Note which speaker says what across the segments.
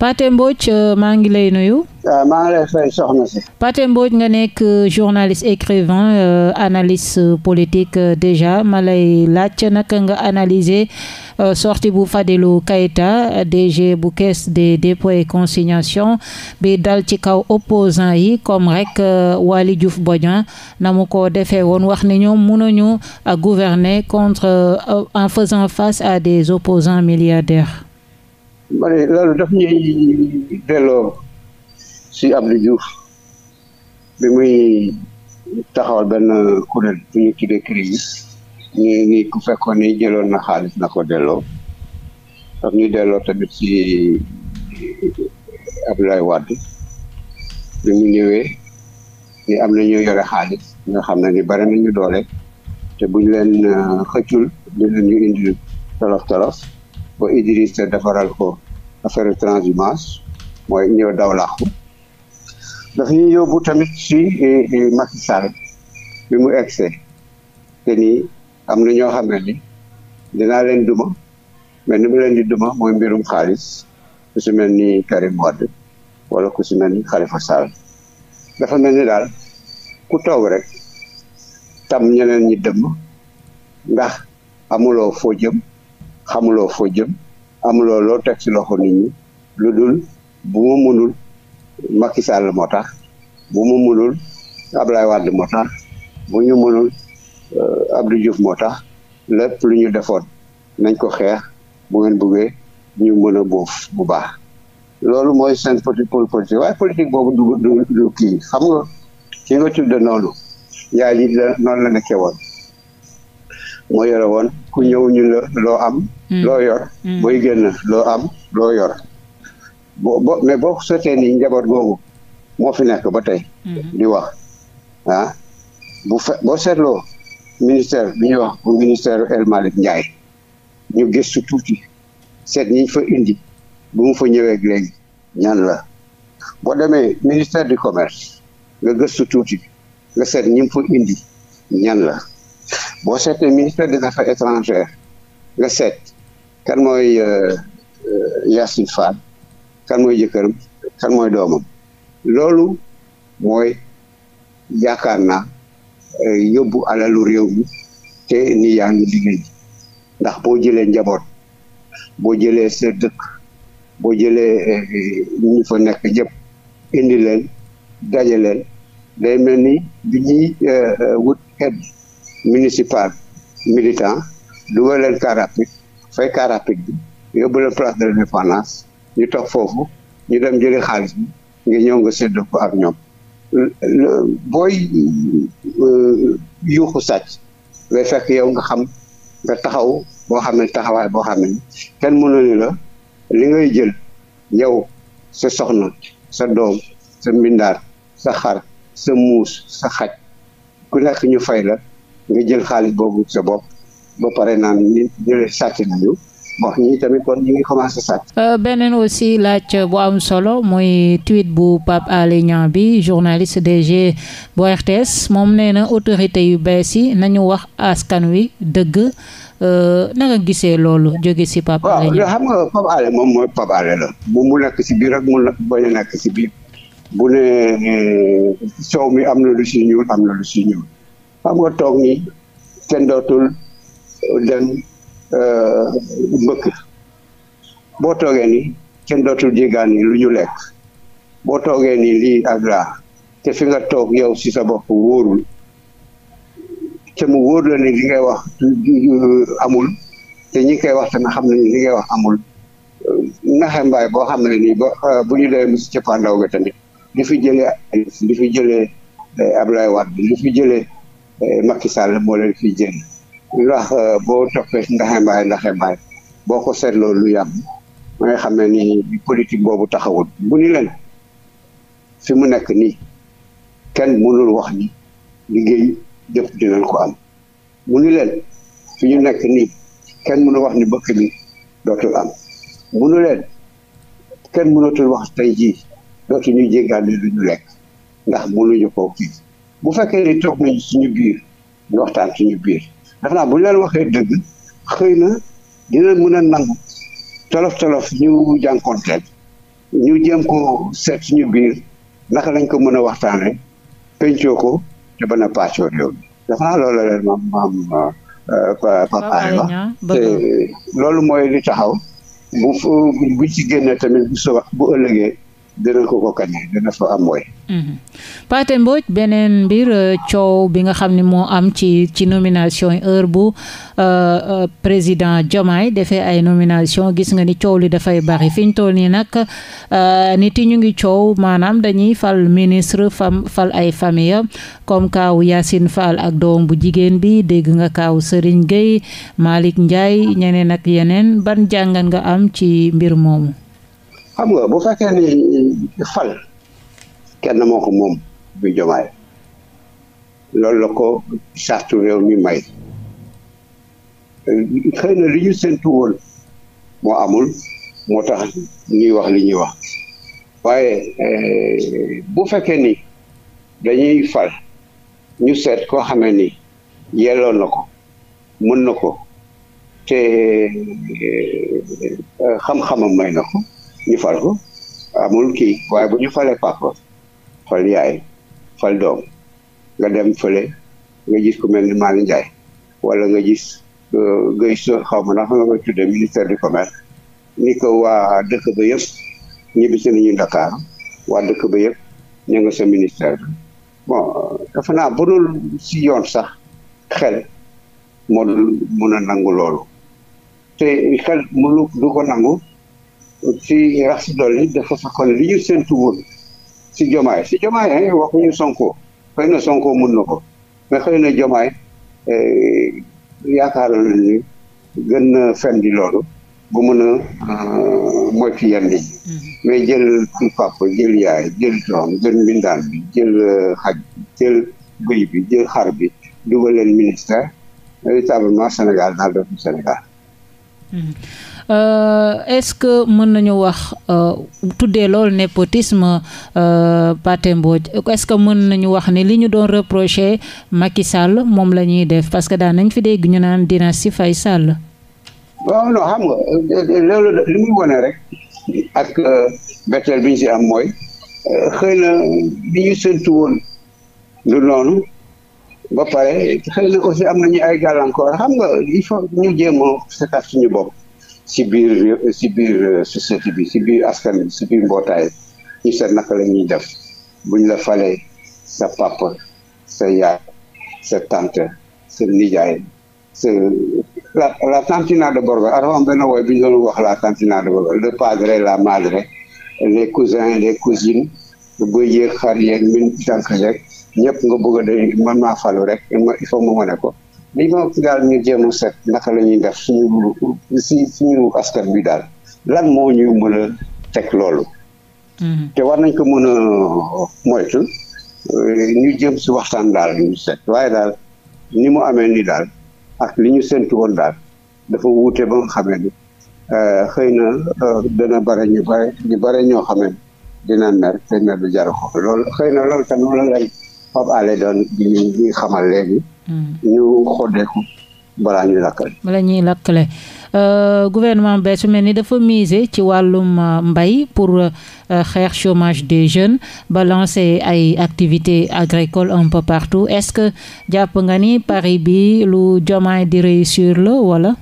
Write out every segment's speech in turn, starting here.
Speaker 1: Pathé Mbodj euh, maa ngi lay nuyu.
Speaker 2: maa
Speaker 1: ngi nga nekk euh, journaliste écrivain euh, analyse euh, politique euh, déjà ma lay laaj naka nga analyser euh, sortie bu Fadilou Keïta DG bu caisse des dépôts et bi dal ci kaw opposant yi comme rek Waly Diouf Bodian na ko defee woon wax ni ñoom mënuñu gouverner contre en faisant face à des opposants milliardaires.
Speaker 2: ma ne daf ñuy delloo si Abdou Diouf bi muy taxawal benn kuréel bu ñu tuddee crise ñu ni ku fekkoon ni jëloon na xaalis na ko delloo daf ñuy delloo tamit si Abdoulaye Wade bi mu ñëwee ni am na ñu yore xaalis nga xam na ni bari nañu doole te buñ leen euh, xëccul dinañu indi tolof tolof ba Idrissa defaral ko affaire transhumance mooy ñëw daw daf dafa ñu yóbbu tamit si Macky Sall bi mu egsee te ni am na ñoo xam ne ni dinaa leen duma mais nu mu leen di duma mooy mbirum xaalis ku si mel ni Karim Wade wala ku si mel ni Khalifa Sall dafa mel ni daal ku toog rek tam ñeneen ñi dëmm ndax amuloo foo jëm xamuloo foo jëm am lool teg ci loxo niñu lu dul bu ma mënul Macky Sall moo tax bu ma mënul Ablaye Wade moo tax bu ñu mënul euh, Abdou Diouf moo tax lépp lu ñu defoon nañ ko xeex bu ngeen bëggee ñu mën a boof bu baax loolu mooy seen politique politique waaye politique boobu du du kii xam nga ki nga tudde noonu yaa ji noonu la nekkee woon moo yore woon ku ñëw ñu la loo am. Hmm. loo yor. Hmm. booy génn loo am loo yor. boo bo mais boo sotee ni njaboot googu moo fi nekk ba tey. Hmm. di wax ah bu fe boo seetloo ministère bi ñuy wax bu ministère El ñu gëstu tuuti seet ñi fa indi bu mu fa ñëwee léegi ñan la boo demee ministère di commerce ga gëstu tuuti nga seet ñi mu indi ñan la. boo seetee ministère de affaires étrangères nga seet kan mooy euh, euh, Yassine Fall kan mooy jëkër kan mooy doomam loolu mooy yaakaar naa euh, yóbbu alalu réew mi te ni yaa liggéey ndax boo jëlee njaboot boo jëlee sa dëkk boo jëlee ñu fa nekk ñëpp indi leen daje leen day mel ni bi ñuy wut aide municipal militant dugal leen car rapide fay car bi yóbbu place de l'indépendance ñu toog foofu ñu dem jëli xaalis bi nga ñëw nga séddoo ko ak ñoom booy euh, yuuxu sàcc day fekk yow nga xam nga taxaw boo xam ne taxawaay boo xam ne kenn mënu ni la li ngay jël yow sa soxna sa doom sa mbindaar sa xar sa muus sa xaj ku nekk ñu fay la nga jël xaalis boobu sa bopp ba pare naan ñi ñu sàcc nañu bon ñii tamit kon ñu ngi commencé sàcc.
Speaker 1: Euh, beneen aussi laaj bu am solo mooy tweet bu Pape Alé Niang bi journaliste DG bu RTS moom nee na autorité yu bees yi nañu wax askan wi dëgg euh, nanga gisee loolu jóge si Pape Alé Niang. waaw xam
Speaker 2: nga Pape Alé moom mooy Pape Alé la moom mu nekk si biir rek mu bañ a eh, soow mi am na lu si ñuul am na lu si ñuul. xam nga toog ni kenn dootul dem mbëkk euh, boo toogee ni kenn dootul jéggaani lu ñu lekk boo toogee ni lii ak laa te fi nga toog yow si sa bopp wóorul te mu wóor la ni li ngay wax euh, amul te ñi koy wax tamit xam ne li ngay wax amul naxe mbaay boo xam ne nii euh, bu ñu dee ci cëppaandaw ga tamit li fi jëlee li fi jëlee Abdoulaye Wade li fi jëlee Eh, Macky Sall moo leen fi jël ndax eh, boo toppee ndaxe mbaay ndaxe mbaay boo ko seetloo lu yàgg ma nga xam ne ni politique boobu taxawul bu ni leen fi mu nekk nii kenn mënul wax ni liggéey jëpp dinañ ko am mu ni leen fi ñu nekk ni kenn mënul wax ni bëkk ni dootul am mu nu leen kenn mënatul wax tey jii dootuñu ñu jéggaane lu lekk ndax mënuñu ko kii bu fekkee ni toog nañ suñu biir ñu waxtaan suñu biir def naa bu ñu leen waxee dëgg xëy na dina mën a nangu tolof tolof ñu jànkonteel ñu jéem ko seet suñu biir naka lañ ko mën a waxtaanee pencoo ko te ba na paacoo réew mi naa loolu leen maam maam euh, papaay loolu mooy li taxaw bu bu ci génnee tamit bu suba bu ëllëgee dina ko
Speaker 1: mhm. beneen mbir euh, coow bi nga xam ni moo am ci ci nomination heure bu euh, euh, président Diomaye defee ay nomination gis nga ni coow li dafay baax fi ñu toll nii nag nit yi ñu ngi coow maanaam dañuy fal ministre fam fal ay famille comme kaaw Yacine Fall ak doom bu jigéen bi dégg nga kaaw sëriñ Gueye Malick Ndiaye ñeneen ak yeneen ban jàngat nga am ci mbir moomu
Speaker 2: xam nga bu fekkee ni fal kenn moo ko moom bu jomaay loolu la ko sartu réew mi may xëy na li ñu séntu woon moo amul moo tax ñuy wax li ñuy wax waaye eh, bu fekkee ni dañuy fal ñu seet koo xamee ni yelloo na ko mën na ko te eh, eh, xam-xamam may na ñu fal ko amul kii waaye bu ñu falee papa fal yaay fal doom nga dem fale nga gis ku mel ni Malick Ndiaye wala nga gis euh, Guèye so xaw ma na xam nga tuddee ministère du commerce ni ko waa dëkk ba yëpp ñibbi si nañu Dakar waa dëkk ba yëpp ñu nga sa ministère bi bon dafa naa bu dul si yoon sax xel moo mun a nangu loolu te xel mu lu du ko nangu ci rax dolli dafa fekkoon li ñu séntu woon si jomaay si jomaay waxuñu Sonko xëy na Sonko mun na ko mais xëy na jomaay eh, yaakaaroon ni gën na fen di loolu bu mën a euh, moytu yenn yi mm-hmm. mais jël papa jël yaay jël doom jël mbindaan bi jël euh, xaj bi jël xar bi dugal leen ministère véritablement Sénégal daal def Sénégal
Speaker 1: Mm-hmm. Euh, est-ce que mën nañu wax euh, tuddee loolu népotisme euh, Pathé Mbodj est-ce que mën nañu wax ni li ñu doon reprocher Macky Sall moom la ñuy def parce que daan nañ fi dégg ñu naan dynastie Faye Sall.
Speaker 2: waaw non xam nga loolu li muy wane rek ak betteel bi ñu si am mooy xëy na li ñu séntu woon lu noonu. ba pare xëy aussi am nañu ay gàllankoor xam nga il faut ñu jéem a seetaat suñu bopp si biir si biir euh, société bi si biir askan si biir mbootaay ñu seet naka la ñuy def buñ la falee sa papa sa yaay sa tante sa nijaay sa la la tantina de Borgo dafa am benn wooy bi ñu doon wax la tantina de Borgo le padre la madre les cousins les cousines bu yeeg xar yeeg min tànk yeeg ñëpp nga bëgg a de man maa falu rek il faut ma mën ko li ma daal ñu jéem a set naka la ñuy def suñu suñu askan bi daal lan moo ñu mën teg loolu. Mm-hmm. war nañ ko mën a euh, jëm si waxtaan daal ñu set waaye daal ni mu amee ni daal ak li ñu séntu woon daal dafa wuute ba nga xamee ni euh, xëy na euh, dana bare ñu bare ñu bare ñoo xamee dina mer te mer du jar ko loolu xëy na loolu tam loolu lañ Pape Alé doon di xamal léegi. Hmm. ñu xoddeeku balaa ñuy lakkale.
Speaker 1: balaa ñuy lakkale euh, gouvernement su mel ni dafa miser ci wàllum euh, mbay pour euh, xeex chômage des jeunes ba lancer ay activités agricole un peu partout est-ce que jàpp nga ni pari bi lu Diomaye di réussir la wala.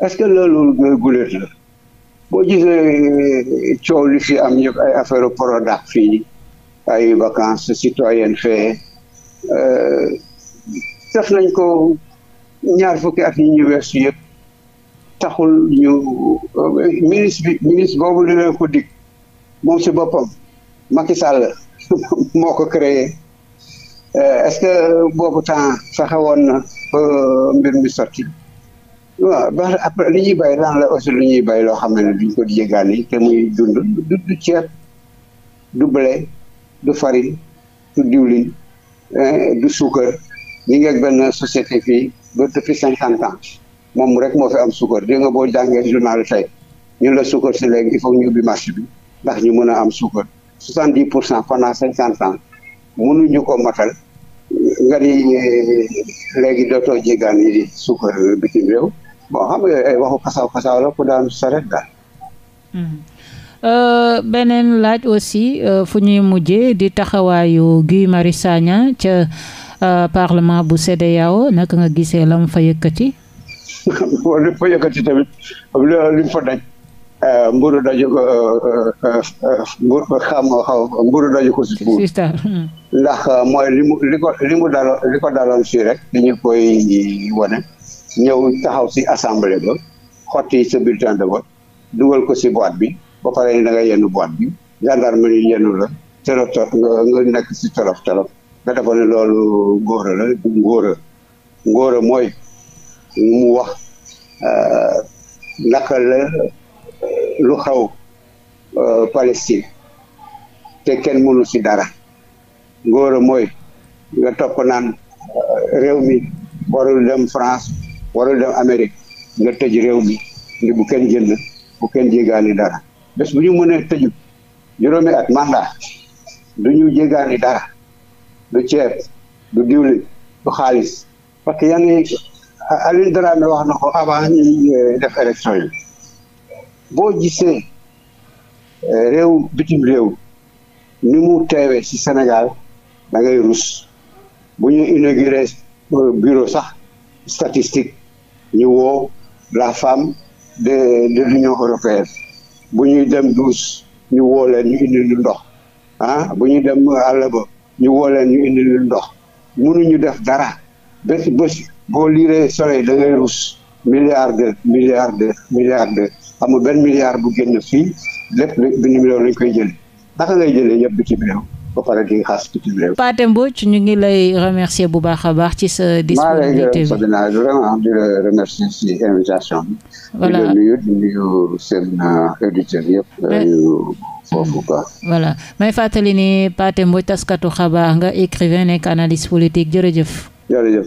Speaker 2: est-ce que loolu gulet la boo gisee coow li fi am ñëpp ay affaire Prodac fii. ay vacances citoyennes fee eh, def nañ ko ñaar fukki at yi ñu weesu yëpp taxul ñu ministre bi ministre boobu li leen ko dig moom si boppam Macky Sall moo ko créé eh, est-ce que boobu temps fexe woon na mbir mi sotti waaw ba après li ñuy bay lan la aussi li ñuy bay loo xam ne duñ ko jéggaani te muy dund du ceeb du blé du farine du diwlin eh, du suukar ñu ngi ak benn société fii ba depuis cinquante ans moom rek moo fi am suukar dégg nga boo jàngee journal tey ñun la suukar si léegi il ñu ubbi marché bi ndax ñu mën a am suukar soixante di pour cent pendant cinquante ans mënuñu ko matal nga ni eh, léegi dootoo jéggaan yi di suukar bitim réew bon xam nga ay waxu xasaw xasaw la saret daal
Speaker 1: hmm. Euh, beneen laaj aussi euh, fu ñuy mujjee di taxawaayu Guy Marius Sagna ca euh, parlement bu CEDEAO naka nga gisee la mu fa yëkkati.
Speaker 2: li mu fa yëkkati tamit li mu fa daj. mburu daju ko mburu xam ko si buur
Speaker 1: ndax
Speaker 2: mooy li mu li ko mu daloon li ko daloon rek dañu koy wane ñëw taxaw si assemblée ba xotti sa bulletin de vote dugal ko si boîte bi ba pare da nga yenn boîte bi gendarmerie yenn la torof torof nga nga nekk si torof torof nga loolu ngóora la du ngóora ngóora mooy mu wax euh, naka la euh, lu xaw euh, Palestine te kenn mënu ci dara ngóora mooy nga topp naan réew mi warul dem France warul dem Amérique nga tëj réew mi ndi bu kenn jënd bu kenn jéggaani dara bés bu ñu mënee tëju juróomi at mandat du ñu jéggaani dara du ceeb du diwlin du xaalis parce que yaa ngi wax na ko avant ñuy euh, def élection yi boo gisee euh, réew bitim réew ni mu teewee ci senegal da ngay rus bu ñu inauguré euh, bureau sax statistique ñu woo la femme de de l'Union européenne bu ñuy dem douche ñu woo leen ñu indi lu ndox ah bu ñuy dem àll ñu woo leen ñu indi lu ndox mënuñu def dara bés bés boo liiree soleil da ngay ruus milliard de milliard de milliard de amul benn milliard bu génn fii lépp benn million lañ koy jëlee naka ngay jëlee yëpp bitim réew ba
Speaker 1: pare ñu ngi lay remercier bu baax a baax ci sa disponibilité bi.
Speaker 2: di la remercier ci
Speaker 1: may fàttali ni Pathé Mbodj taskatu xabaar nga écrivain nekk analyste politique jërëjëf.